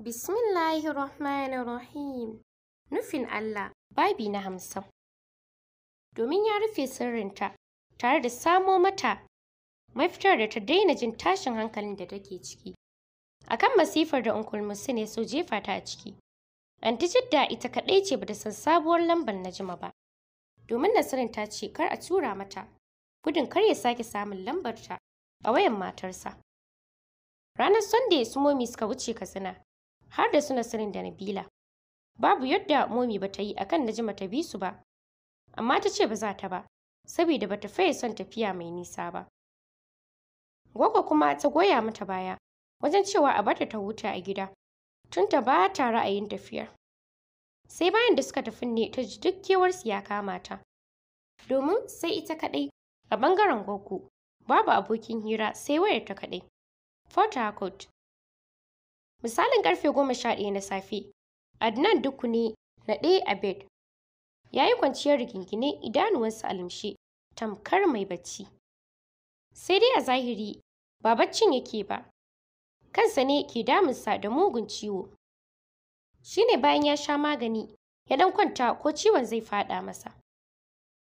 Bismillahirrahmanirrahim. Nufin Allah, babi na hamsin. Domin ya rufe sirrinta, tare da samo mata mafitar da ta daina jin tashin hankalin da take ciki. Akan masifar da Unkul Musu ne so jefa ta a ciki. Anti Jidda ita kaɗai ce bata san sabuwar lambar na jima ba. Domin Nasirin ta ce kar a tura mata, gudun kar ya sake samun lambarta a wayan matarsa. Ranar Sunday su momi suka wuce Katsina, har da su Nasirin da Nabila. Babu yadda Momi ba ta yi kan Najima ta bi su ba, amma ta ce ba za ta ba, saboda ba ta faye son tafiya mai nisa ba. Gogo kuma ta goya mata baya wajen cewa a bata ta huta a gida, tun ta ba ta ra'ayin tafiyar. Sai bayan da suka tafi ne ta ji duk kewarsu ya kama ta. Domin sai ita kaɗai a ɓangaren Gogo, babu abokin hira sai wayar ta kaɗai. Port Harcourt Misalin ƙarfe goma sha ɗaya na safe, Adnan na ɗaya a bed. Ya yi kwanciyar rigingine idanuwansa a tamkar mai bacci. Sai dai a zahiri, ba baccin yake ba. Kansa ne ke damunsa da mugun ciwo. Shi ne bayan ya sha magani, ya ɗan kwanta ko ciwon zai faɗa masa.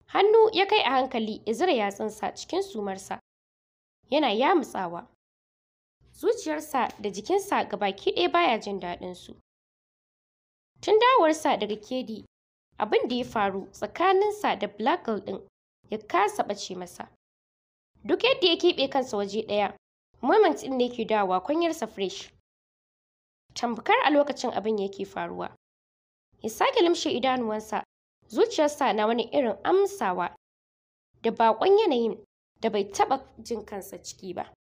Hannu ya kai a hankali ya zira yatsunsa cikin sumarsa. Yana yamutsawa. zuciyarsa da jikinsa gabaki ɗaya baya jin daɗin su. Tun dawarsa daga Kedi, abin da ya faru tsakaninsa da Black Girl ɗin ya kasa ɓace masa. Duk yadda ya keɓe kansa waje ɗaya, moment ɗin ne yake dawa kwanyarsa fresh. Tambakar a lokacin abin yake faruwa. Ya sake limshe idanuwansa, zuciyarsa na wani irin amsawa da baƙon yanayin da bai taɓa jin kansa ciki ba.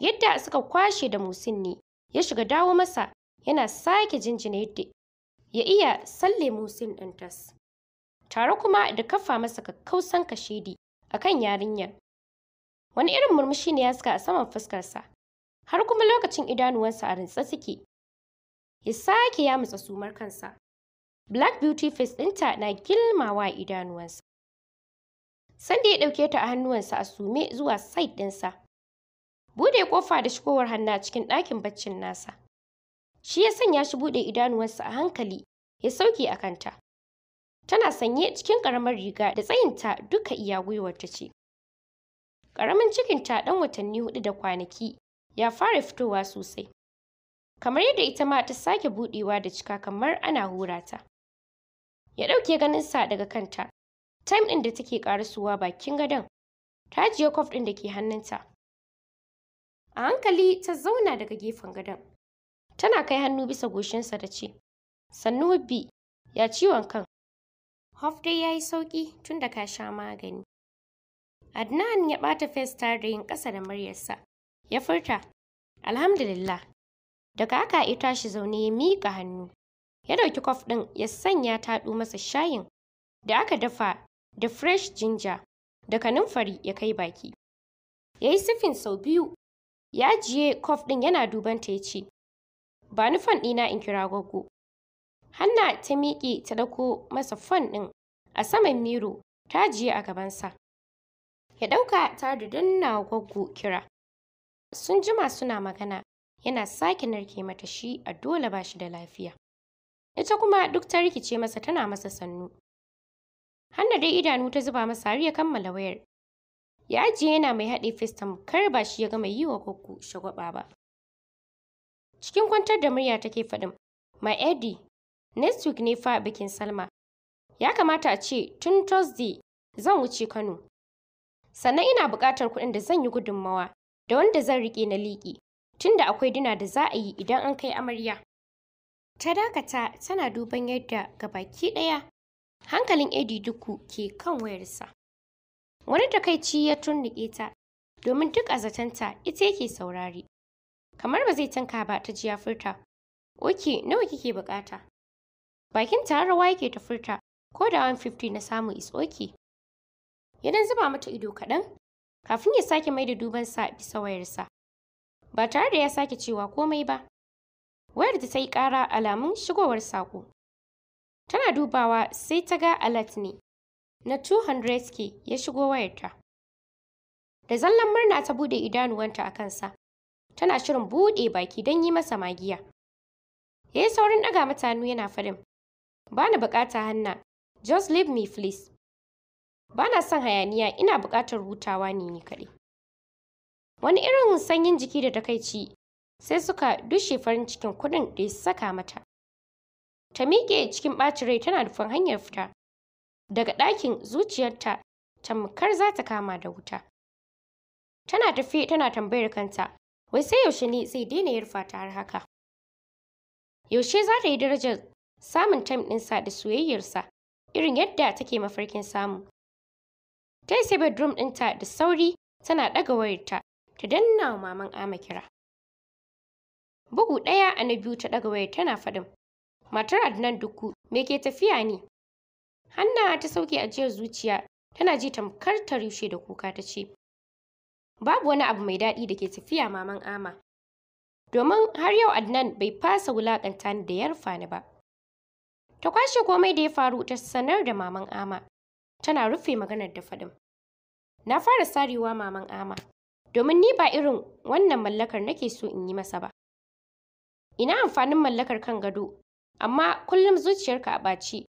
yadda suka kwashe da musin ne ya shiga dawo masa yana sake jinjina yadda ya iya salle musin ɗin tas tare kuma da kafa masa kakkausan kashedi kan yarinyar wani irin murmushi ne ya saka a saman fuskarsa har kuma lokacin idanuwansa a rintsa suke ya sake ya mutsa sumar kansa black beauty face ɗinta na gilmawa idanuwansa sanda ya ɗauke ta a hannuwansa a sume zuwa side ɗinsa Bude kofa da shigowar hannu cikin ɗakin baccin nasa. Shi ya sanya shi bude idanuwansa a hankali ya sauke a kanta. Tana sanye cikin ƙaramar riga da tsayinta duka iya gwiwarta ce. Ƙaramin cikinta ɗan watanni hudu da kwanaki ya fara fitowa sosai. Kamar yadda ita ma ta sake buɗewa da cika kamar ana hura ta. Ya ɗauke ganinsa daga kanta. Time ɗin da take ƙarasuwa bakin gadon. Ta ajiye kwaf ɗin da ke hannunta. A hankali ta zauna daga gefen gadon. Tana kai hannu bisa goshinsa da ce, Sannu hubbi, ya ciwon kan. Hof dai ya yi sauƙi tun da ka sha magani. Adnan ya ɓata fes tare da yin ƙasa da muryarsa. Ya furta, Alhamdulillah. Daga haka ya tashi zaune ya miƙa hannu. Ya ɗauki kof ɗin ya sanya taɗo masa shayin da aka dafa da fresh ginger da kanunfari ya kai baki. Ya yi sifin sau biyu Ya jiye kof ɗin yana dubanta ya ce, Ba ni ɗina in kira gwaggo. Hanna ta miƙe ta dako masa fon ɗin a saman miro ta jiye a gabansa. Ya ɗauka ta da danna gwaggo kira. Sun jima suna magana yana sake narke mata shi a dole ba shi da lafiya. Ita kuma duk ta rikice masa tana masa sannu. Hanna dai idanu ta zuba masa har ya kammala wayar. ya ajiye yana mai haɗe fistam kar ba shi ya gama yi wa koko shagwaba ba. Cikin kwantar da murya take faɗin, My Eddie, next week ne fa bikin Salma. Ya kamata a ce tun Thursday zan wuce Kano. Sannan ina buƙatar kuɗin da zan yi gudunmawa da wanda zan riƙe na liƙi, tunda akwai dina da za a yi idan an kai amarya. Ta dakata tana duban yadda ga baki ɗaya hankalin Eddie duku ke kan wayarsa. Wani takaici ya tunnuƙe ta, domin duk a zatanta ita yake saurari. Kamar ba zai tanka ba ta ji ya furta. Oke, nawa kike bukata? Bakin ta rawa yake ta furta, ko da 150 na samu is oke. Ya dan zuba mata ido kaɗan, kafin ya sake mai da duban sa bisa wayarsa. Ba tare da ya sake cewa komai ba. Wayar da ta yi ƙara alamun shigowar saƙo. Tana dubawa sai ta ga alert ne. na 200k ya shigo wayarta. Da zallan murna ta bude idanuwanta a kansa, tana shirin buɗe baki don yi masa magiya. Ya yi saurin ɗaga mata hannu yana farin ba ni buƙata hanna, just leave me please. Ba na son hayaniya ina buƙatar hutawa ne ni kaɗai. Wani irin sanyin jiki da ta kai ci sai suka dushe farin cikin kuɗin da ya saka mata. Ta miƙe cikin ɓacin rai tana nufin hanyar fita. daga ɗakin zuciyarta tamkar za ta kama da wuta. Tana tafi tana tambayar kanta, wai sai yaushe ne zai daina yarfa ta har haka. Yaushe za ta yi darajar samun time ɗinsa da soyayyarsa, irin yadda take mafarkin samu. Ta yi sai bedroom ɗinta da sauri tana ɗaga wayarta, ta danna wa maman Ama kira. Bugu ɗaya a na biyu ta ɗaga wayar tana faɗin, matar Adnan Dukku, me ke tafiya ne? Hanna ta sauke ajiyar zuciya tana ji tamkar ta rushe da kuka ta ce, Babu wani abu mai daɗi da ke tafiya maman ama. Domin har yau Adnan bai fasa wulaƙanta ni da yarfa ni ba. Ta kwashe komai da ya faru ta sanar da maman ama. Tana rufe maganar da faɗin. Na fara sarewa maman ama, domin ni ba irin wannan mallakar nake so in yi masa ba. Ina amfanin mallakar kan gado, amma kullum zuciyarka a ɓaci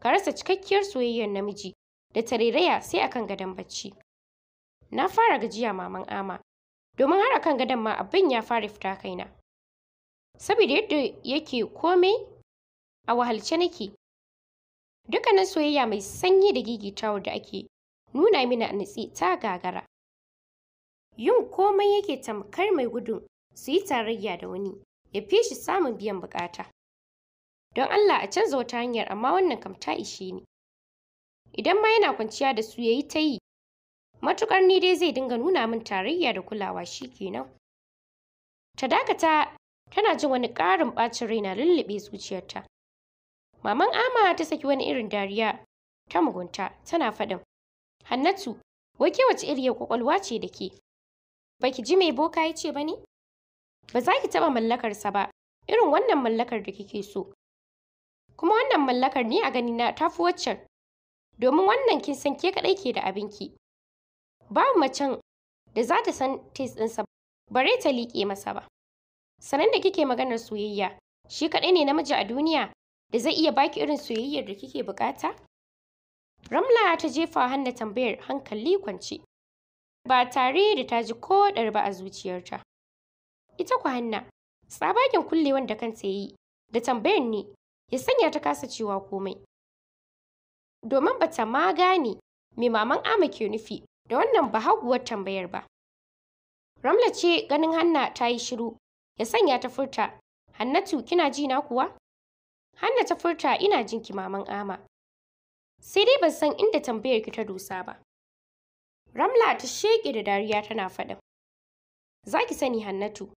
ka rasa cikakkiyar soyayyar namiji da tarairaya sai akan gadon bacci. Na fara gajiya maman ama, domin har akan gadon ma abin ya fara fita kaina. Saboda yadda yake komai a wahalce nake. Dukkanin soyayya mai sanyi da gigitawar da ake nuna mini a natsi ta gagara. Yin komai yake tamkar mai gudun su yi tarayya da wani, ya fi shi samun biyan bukata. Don Allah a canza wata hanyar amma wannan kam ta ishe ni. Idan ma yana kwanciya da su yayi ta yi. matuƙar ni dai zai dinga nuna min tarayya da kulawa shi kenan. Ta dakata tana jin wani ƙarin ɓacin rai na lulluɓe zuciyarta. Maman Ama ta saki wani irin dariya ta mugunta tana faɗin. Hannatu, wai ke wace iriyar kwakwalwa ce da ke? Ba ki ji mai boka ya ce ba ne? Ba za ki taɓa mallakarsa ba, irin wannan mallakar da kike so. kuma wannan mallakar ne a ganina ta fi waccan domin wannan kin san ke kaɗai ke da abinki babu macen da za ta san taste ɗinsa bare ta liƙe masa ba sanan da kike maganar soyayya shi kaɗai ne namiji a duniya da zai iya baki irin soyayyar da kike buƙata? ramla ta jefa hanna tambayar hankali kwance ba tare da ta ji ko ba a zuciyarta ita ku hanna tsabagen kullewan da kanta yi da tambayar ne ya sanya ta kasa cewa komai. Domin ba ta ma gane me maman Ama ke nufi da wannan bahaguwar tambayar ba. Ramla ce ganin Hanna ta yi shiru, ya sanya ta furta, Hannatu kina ji na kuwa? Hanna ta furta ina jinki maman Ama. Sai dai ban san inda tambayar ki ta dosa ba. Ramla ta sheƙe da dariya tana faɗin. Za ki sani Hannatu,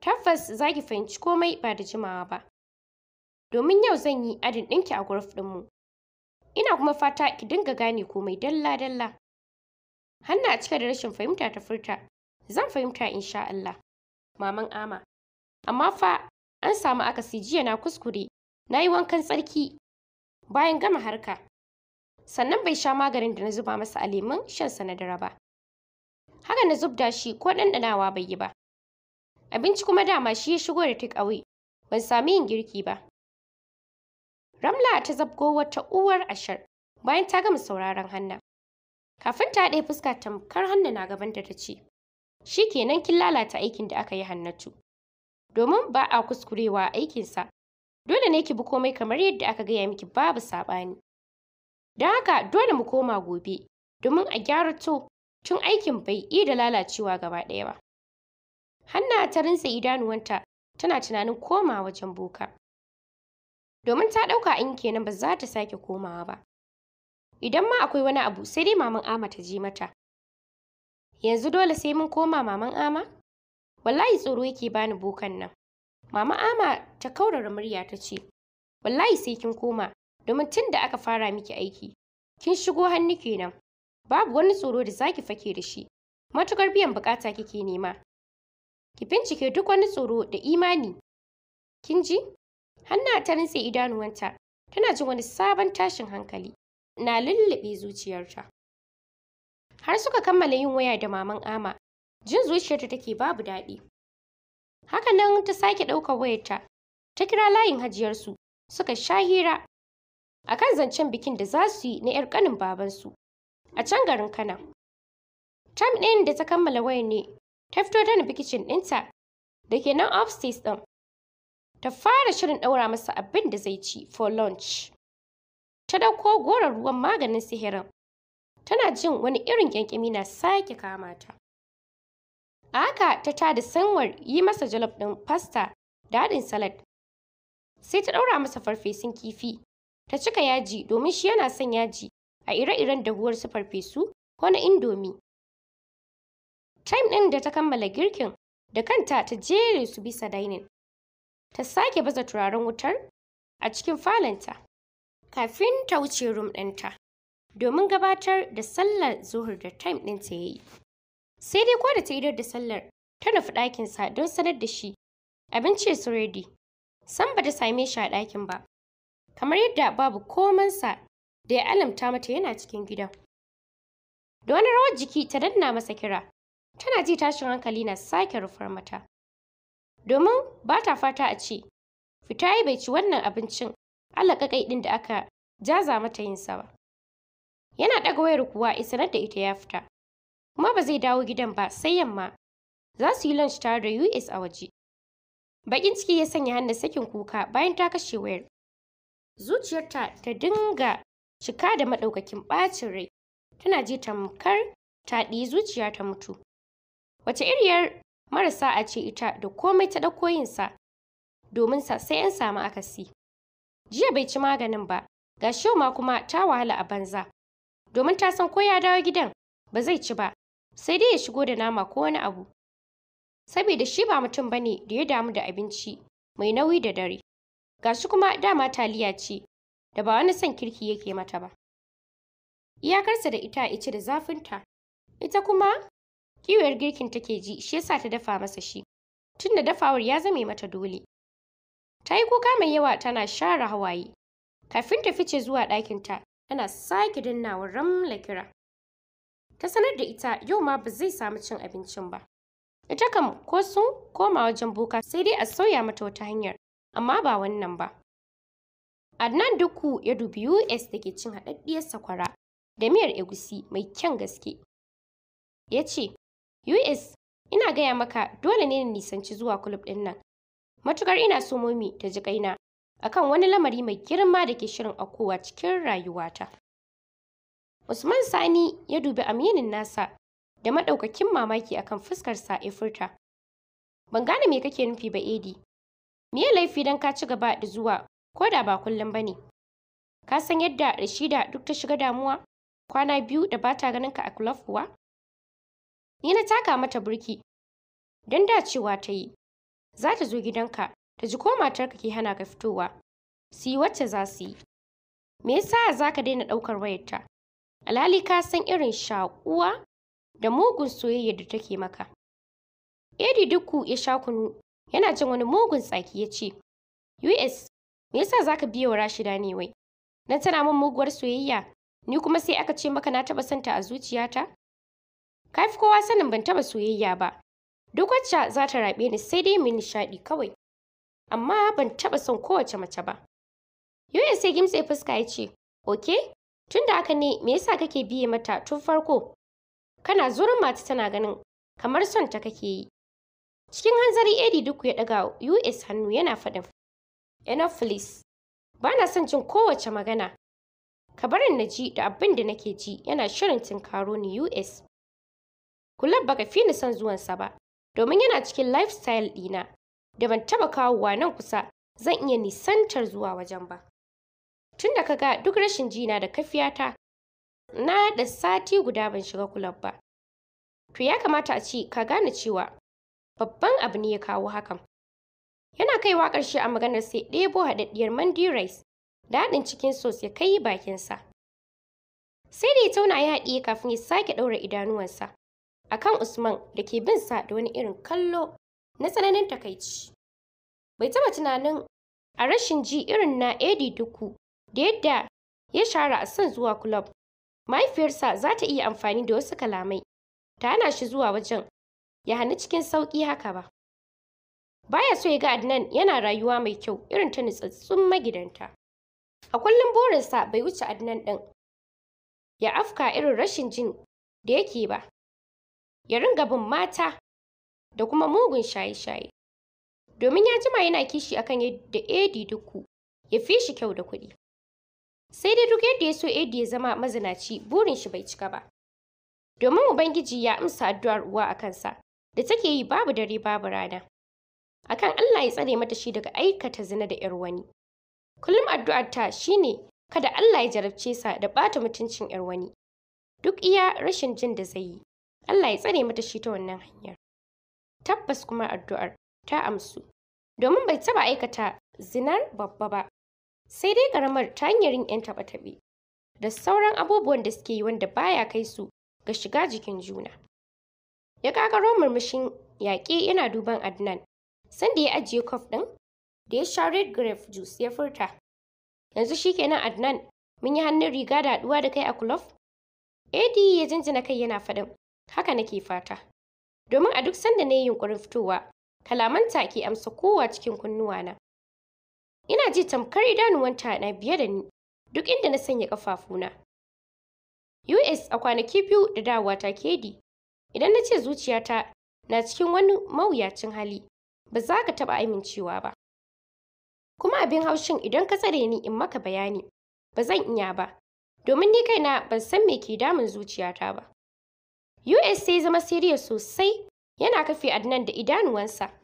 tabbas za ki fahimci komai ba da jimawa ba. domin yau zan yi adin ɗinki a gurf ɗinmu. Ina kuma fata ki dinga gane komai dalla-dalla. Hanna a cika da rashin fahimta ta furta, zan fahimta insha Allah. Maman Ama. Amma fa an samu akasi jiya na kuskure, na yi wankan tsarki bayan gama harka. Sannan bai sha maganin da na zuba masa a lemun shan sanadara ba. Haka na zubda shi ko ɗanɗanawa bai yi ba. Abinci kuma dama shi ya shigo da take away, ban sami yin girki ba. Ramla ta zabgo wata uwar ashar bayan ta gama sauraron Hanna. Kafin ta haɗe fuska tamkar hannu na gaban da ta ce, Shi kenan kin lalata aikin da aka yi Hannatu. Domin ba a kuskurewa aikinsa, dole ne ki bi komai kamar yadda aka gaya miki babu saɓani. Don haka dole mu koma gobe, domin a gyara to tun aikin bai iya da lalacewa gaba ɗaya ba. Hanna ta rinse idanuwanta tana tunanin koma wajen boka. domin ta ɗauka in kenan ba za ta sake komawa ba. Idan ma akwai wani abu sai dai maman Ama ta je mata. Yanzu dole sai mun koma maman Ama? Wallahi tsoro yake bani bokan nan. Mama Ama ta kaurara murya ta ce, Wallahi sai kin koma, domin tun da aka fara miki aiki, kin shigo hannu kenan. Babu wani tsoro da zaki fake da shi, matukar biyan bukata kike nema. Ki bincike duk wani tsoro da imani. Kin ji? Hanna ta nitse idanuwanta, tana jin wani sabon tashin hankali, na lullube zuciyarta. Har suka kammala yin waya da maman Ama, jin zuciyarta take babu daɗi. Haka nan ta sake ɗaukar wayarta, ta kira layin hajiyarsu, suka sha hira a kan zancen bikin da za su yi na 'yar ƙanin babansu a can garin Kana. Tam ɗin da ta kammala wayar ne, ta fito ta nufi kicin ɗinta da ke nan upstairs ɗin ta fara shirin ɗaura masa abin da zai ci for lunch. Ta ɗauko goron ruwan maganin sihirin. Tana jin wani irin ƙyanƙyami na sake kama ta. A haka ta tada sanwar yi masa jalof ɗin pasta da haɗin salad. Sai ta ɗaura masa farfesun kifi. Ta cika yaji domin shi yana son yaji a ire-iren dahuwar su farfesu ko na indomi. Time ɗin da ta kammala girkin da kanta ta jere su bisa dainin. ta sake baza turaren wutar a cikin falonta kafin ta wuce rum ɗinta domin gabatar da sallar zuhur da time ɗinta ya yi. Sai dai ko da ta idar da sallar ta nufi ɗakinsa don sanar da shi abinci su redi. san ba ta same shi a ɗakin ba, kamar yadda babu komansa da ya alamta mata yana cikin gidan. Da wani rawar jiki ta danna masa kira, tana ji tashin hankali na sake rufar mata. domin ba ta fata a ce fita yi bai ci wannan abincin alaƙaƙai ɗin da aka jaza mata yinsa ba. Yana ɗaga wayar kuwa ya sanar da ita ya fita, kuma ba zai dawo gidan ba sai yamma za su yi lunch tare da US a waje. Baƙin ciki ya sanya hannun sakin kuka bayan ta kashe wayar. Zuciyarta ta dinga cika da maɗaukakin ɓacin rai, tana ji tamkar taɗi zuciya ta mutu. Wace iriyar marasa a ce ita da komai ta ɗauko yinsa domin sa sai an samu akasi. Jiya bai ci maganin ba, ga yau ma kuma ta wahala a banza. Domin ta san ko ya dawo gidan ba zai ci ba, sai dai ya shigo da nama ko wani abu. Saboda shi ba mutum ba ne da ya damu da abinci mai nauyi da dare. Ga shi kuma dama taliya ce da ba wani son kirki yake mata ba. Iyakarsa da ita ya ci da zafinta, ita kuma Kiwiyar girkin take ji, shi yasa ta dafa masa shi. Tun da dafawar ya zame mata dole. Ta yi kuka mai yawa tana share hawaye. Kafin ta fice zuwa ɗakin ta tana sake dannawa ramla kira. Ta sanar da ita yau ma ba zai samu cin abincin ba. Ita kam ko sun koma wajen boka sai dai a sauya mata wata hanyar, amma ba wannan ba. Adnan duku ya dubi US da ke cin haɗaɗɗiyar sakwara da miyar egusi mai kyan gaske. Ya ce, US, ina gaya maka dole ne na nisanci zuwa kulub ɗin nan. Matukar ina so momi ta ji kaina akan wani lamari mai girma da ke shirin aukowa cikin rayuwata. Usman Sani ya dubi aminin nasa da maɗaukakin mamaki akan fuskarsa ya furta. Ban gane me kake nufi ba Edi. Me laifi don ka ci gaba da zuwa ko da ba kullum ba ne? Ka san yadda Rashida duk ta shiga damuwa? Kwana biyu da ba ta ganin ka a kuwa? Ni na taka mata burki. Don da cewa ta yi. Za ta zo gidanka, ta ji ko matarka ke hana ka fitowa. Su yi wacce za su yi. Me yasa za ka daina ɗaukar wayarta? Alhali ka san irin shaƙuwa da mugun soyayya da take maka. Edi duku ya sha kunu yana jin wani mugun tsaki ya ce, US, me yasa za ka biya wa Rashida ne wai? Nan tana min muguwar soyayya, ni kuma sai aka ce maka na taɓa santa a zuciyata? kafi kowa sanin ban taba soyayya ba. Duk wacce za ta raɓe ni sai dai mu nishaɗi kawai. Amma ban taɓa son kowace mace ba. Yoyin sai gimtse fuska ya ce, Oke, tun da haka ne me yasa kake biye mata tun farko? Kana zurin mata tana ganin kamar son ta kake yi. Cikin hanzari edi duk ya ɗaga US hannu yana faɗin. Enough please. Ba na son jin kowace magana. Ka barin na ji da abin da nake ji yana shirin tinkaro ni US. kullum baka fi ni son zuwansa ba, domin yana cikin lifestyle ɗina da ban taɓa kawowa nan kusa zan iya nisantar zuwa wajen ba. Tun da ga duk rashin jina da kafiyata, na da sati guda ban shiga kulab ba. To ya kamata a ce ka gane cewa babban abu ne ya kawo hakan. Yana kaiwa ƙarshe a maganar sai ɗebo haɗaɗɗiyar mandi rice da haɗin cikin sos ya kai bakinsa. Sai da ya tauna ya haɗiye kafin ya sake ɗaura idanuwansa. akan Usman da ke bin sa da wani irin kallo na tsananin takaici. Bai taba tunanin a rashin ji irin na Edi Duku da yadda ya shara a son zuwa kulob. Mahaifiyarsa za ta iya amfani da wasu kalamai ta hana shi zuwa wajen ya hana cikin sauƙi haka ba. Baya so ya ga Adnan yana rayuwa mai kyau irin ta nutsatsun magidanta. A kullum burinsa bai wuce Adnan ɗin ya afka irin rashin jin da yake ba ya ringa bin mata da kuma mugun shaye-shaye. Domin ya jima yana kishi akan yadda Edi duku ya fi shi kyau da kuɗi. Sai dai duk yadda ya so Edi ya zama mazinaci burin shi bai cika ba. Domin Ubangiji ya amsa addu'ar uwa a kansa da take yi babu dare babu rana. Akan Allah ya tsare mata shi daga aikata zina da ‘yar wani. Kullum addu'ar ta shine kada Allah ya jarabce sa da ɓata mutuncin ‘yar wani. Duk iya rashin jin da zai yi. Allah ya tsare mata shi ta wannan hanyar. Tabbas kuma addu'ar ta amsu, domin bai taba aikata zinar babba ba, sai dai ƙaramar ta hanyar yin 'yan taɓe-taɓe da sauran abubuwan da suke yi wanda baya kai su ga shiga jikin juna. Ya ƙaƙaro murmushin yaƙi yana duban Adnan, sanda ya ajiye kwaf ɗin da ya sha red grape juice ya furta. Yanzu shi kenan Adnan, mun yi hannun riga da haɗuwa da kai a kulof? Edi ya jinjina kai yana faɗin. haka nake fata. Domin a duk sanda na yi yunƙurin fitowa, kalamanta ke amsa kowa cikin kunnuwana. Ina ji tamkar idanuwanta na biye da ni duk inda na sanya ƙafafuna. US a kwanaki biyu da dawa ta kedi, idan na ce zuciyata na cikin wani mawuyacin hali, ba za ka taɓa amincewa ba. Kuma abin haushin idan ka tsare ni in maka bayani, ba zan iya ba, domin ni kaina ban san me ke damun zuciyata ba. USC zama Siriya sosai yana kafe Adnan da idanuwansa.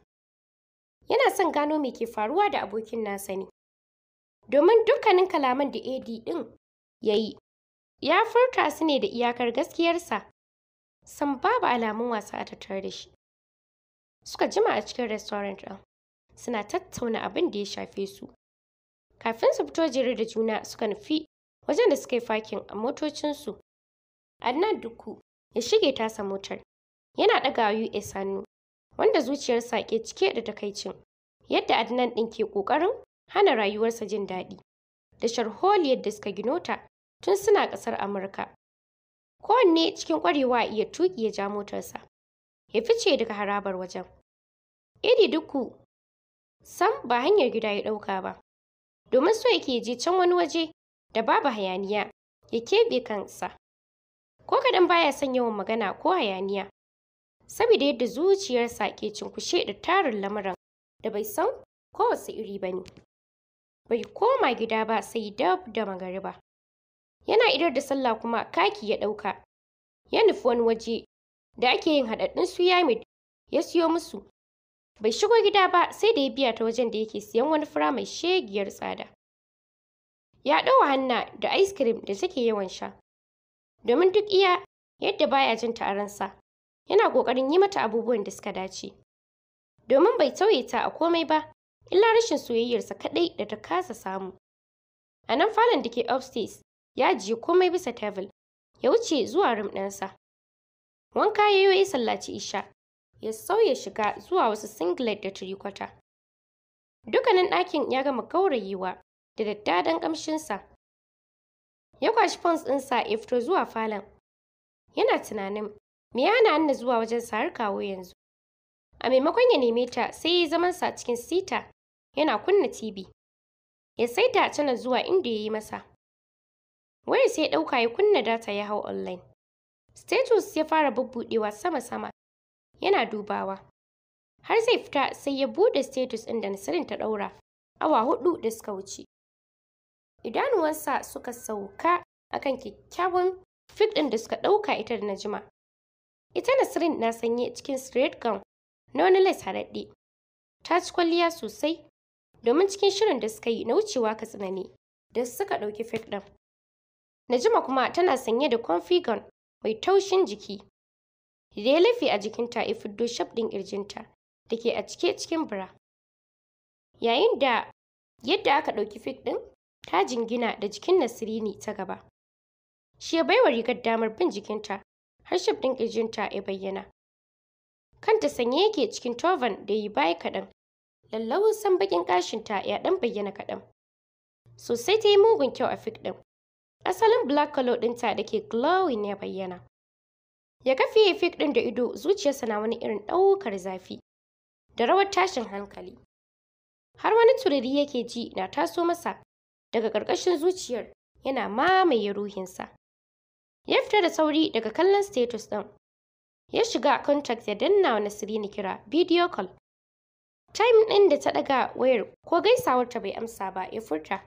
Yana son gano me ke faruwa da abokin nasa ne. Domin dukkanin kalaman da AD ɗin ya yi, ya furta su ne da iyakar gaskiyarsa, san babu alamun wasa a tattare da shi. Suka jima a cikin restaurant ɗin, suna tattauna abin da ya shafe su. Kafin su fito jere da juna suka nufi wajen da suka yi fakin a motocinsu. Adnan Duku ya shige tasa motar. Yana ɗaga US hannu, wanda zuciyarsa ke cike da takaicin. Yadda Adnan ɗin ke ƙoƙarin hana rayuwarsa jin daɗi. Da sharholiyar da suka ginota tun suna ƙasar Amurka. Kowanne cikin ƙwarewa iya tuƙi ya ja motarsa. Ya fice daga harabar wajen. iri duku sam ba hanyar gida ya ɗauka ba. Domin so yake je can wani waje da babu hayaniya ya keɓe kansa. ko kaɗan baya son yawan magana ko hayaniya saboda yadda zuciyarsa ke cinkushe da tarin lamuran da bai san ko wasu iri ba ne bai koma gida ba sai dab da magariba yana idar da sallah kuma kaki ya ɗauka ya nufi wani waje da ake yin haɗaɗɗun suyamid ya siyo musu bai shigo gida ba sai da ya biya ta wajen da yake siyan wani fura mai shegiyar tsada ya ɗaura hanna da ice cream da take yawan sha domin duk iya yadda baya jin ta yana ƙoƙarin yi mata abubuwan da suka dace domin bai tauye ta a komai ba illa rashin soyayyarsa kaɗai da ta kasa samu a nan falon da ke upstairs ya ji komai bisa tebul ya wuce zuwa rum ɗinsa wanka ya yi sallaci isha ya sauya shiga zuwa wasu singlet da turikwata. Dukanin ɗakin ya gama gaurayewa da daddadan ƙamshinsa Ya kwashi fons ɗinsa ya fito zuwa falon. Yana tunanin, me ya hana Anna zuwa wajen har kawo yanzu? A maimakon ya neme ta sai ya yi zamansa cikin sita yana kunna TV. Ya saita tana zuwa inda ya yi masa. waya sai ya ɗauka ya kunna data ya hau online. Status ya fara bubbuɗewa sama-sama. Yana dubawa. Har zai fita sai ya buɗe status ɗin da Nasirin ta ɗaura. Awa hudu da suka wuce. idanuwansa suka sauka akan kyakkyawan fit ɗin da suka ɗauka ita da Najima. Ita Nasrin na sanye cikin straight gown na wani lace haraɗe Ta ci kwalliya sosai domin cikin shirin da suka yi na wucewa ka tsanani da suka ɗauki fit ɗin. Najima kuma tana sanye da comfy gown mai taushin jiki da ya lafi a jikinta ya fiddo shaf ɗin ƙirjinta da ke a cike cikin bra. Yayin da yadda aka ɗauki fit ɗin ta jingina da jikin Nasirini ta gaba. Shi ya baiwa rigar damar bin jikinta, har shaf ɗin ƙirjinta ya bayyana. Kanta sanye yake cikin tovan da yi baya kaɗan, lallawun san baƙin ƙashinta ya ɗan bayyana kaɗan. Sosai ta yi mugun kyau a fik ɗin. Asalin black color ɗinta da ke glowing ya bayyana. Ya ya fik ɗin da ido zuciyarsa na wani irin ɗaukar zafi da rawar tashin hankali. Har wani tururi yake ji na taso masa daga ƙarƙashin zuciyar yana mamaye ruhinsa. Ya fita da sauri daga kallon status ɗin. Ya shiga contact ya danna wa kira video call. Time ɗin da ta ɗaga wayar ko gaisawar ta bai amsa ba ya furta.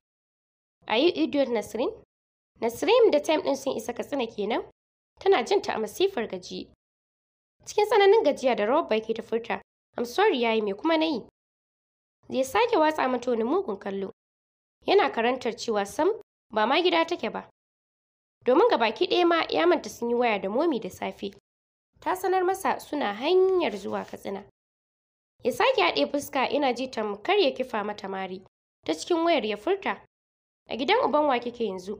A yi idiot Nasirin? Nasirin da time ɗin sun isa katsina kenan? Tana jin ta a masifar gaji. Cikin tsananin gajiya da rawar baki ta furta. I'm sorry yayi me kuma na yi. Ya sake watsa mata wani mugun kallo. yana karantar cewa sam ba ma gida take ba. Domin ga baki ɗaya ma ya manta sun yi waya da momi da safe. Ta sanar masa suna hanyar zuwa Katsina. Ya sake haɗe fuska ina ji tamkar ya kifa mata mari. Ta cikin wayar ya furta. A gidan uban wa kike yanzu?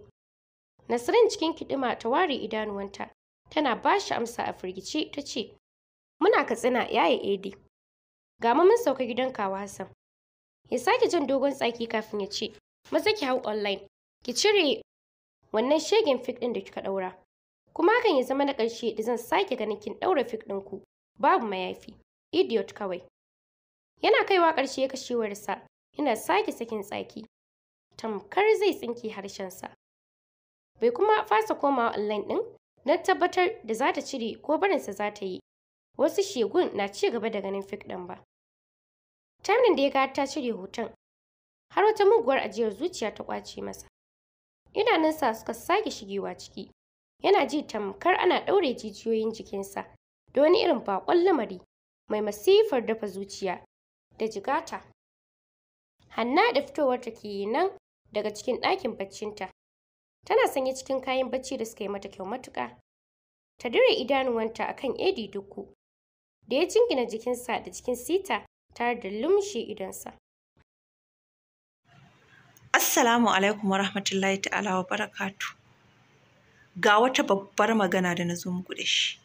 Nasirin cikin kiɗima ta ware idanuwanta. Tana ba shi amsa a firgice ta ce, Muna Katsina yaya Edi. Ga mun sauka gidan kawa Hassan. Ya sake jan dogon tsaki kafin ya ce, maza ki hau online ki cire wannan shegen fik din da kika ɗaura kuma hakan ya zama na ƙarshe da zan sake ganin kin ɗaura fik din ku. babu mayafi idiot kawai yana kaiwa ƙarshe kashewarsa yana sake sakin tsaki tamkar zai tsinke sa. bai kuma fasa komawa online din? Na tabbatar da za ta cire ko barinsa za ta yi wasu shegun na ci gaba da ganin fik din ba. Tamnin da ya ga ta cire hoton har wata muguwar ajiyar zuciya ta kwace masa. Idanunsa suka sake shigewa ciki, yana ji tamkar ana ɗaure jijiyoyin jikinsa da wani irin baƙon lamari mai masifar dafa zuciya da jigata. Hanna da fitowar ta ke nan daga cikin ɗakin baccinta. Tana sanye cikin kayan bacci da suka yi mata kyau matuƙa. Ta dire idanuwanta kan Edi duku da ya jingina jikinsa da cikin sita tare da lumshe idansa. Assalamu alaikum wa rahmatullahi ta'ala wa barakatu. Ga wata babbar magana da na zo muku da shi.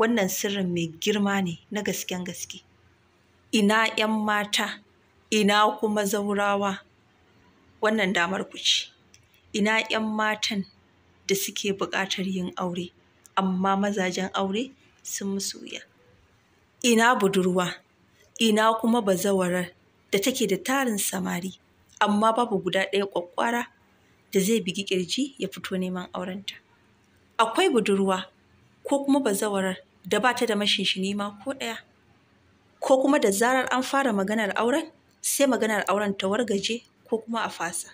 Wannan sirrin mai girma ne na gasken gaske. Ina ‘yan mata, ina kuma zaurawa, wannan damar ku ce. Ina ‘yan matan da suke buƙatar yin aure, amma mazajen aure sun musu wuya. Ina budurwa, ina kuma bazawarar da take da tarin samari. amma babu guda ɗaya ƙwaƙƙwara da zai bigi ƙirji ya fito neman aurenta. Akwai budurwa ko kuma bazawarar da ba ta da mashinshini ma ko ɗaya, ko kuma da zarar an fara maganar auren sai maganar auren ta wargaje ko kuma a fasa.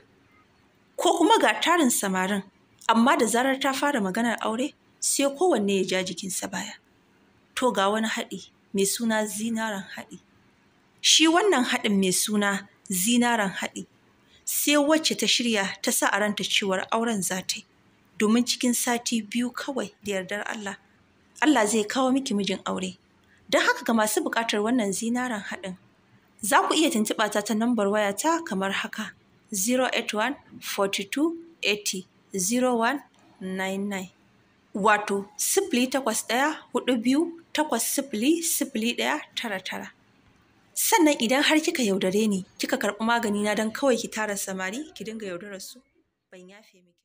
Ko kuma ga tarin samarin, amma da zarar ta fara maganar aure sai kowanne ya ja jikinsa baya. To ga wani haɗi mai suna zinaren haɗi. Shi wannan haɗin mai suna zinaren haɗi sai wacce ta shirya ta sa a ranta cewar auren za ta yi domin cikin sati biyu kawai da yardar Allah Allah zai kawo miki mijin aure don haka ga masu buƙatar wannan zinaren haɗin za ku iya tuntuɓa ta ta nambar ta kamar haka 081 42 80 0199 wato sifili takwas ɗaya hudu biyu takwas sifili sifili ɗaya tara tara Sannan idan har kika yaudare ni, kika karɓi maganina don kawai ki tara samari, ki dinga yaudarar su, ban yafe miki.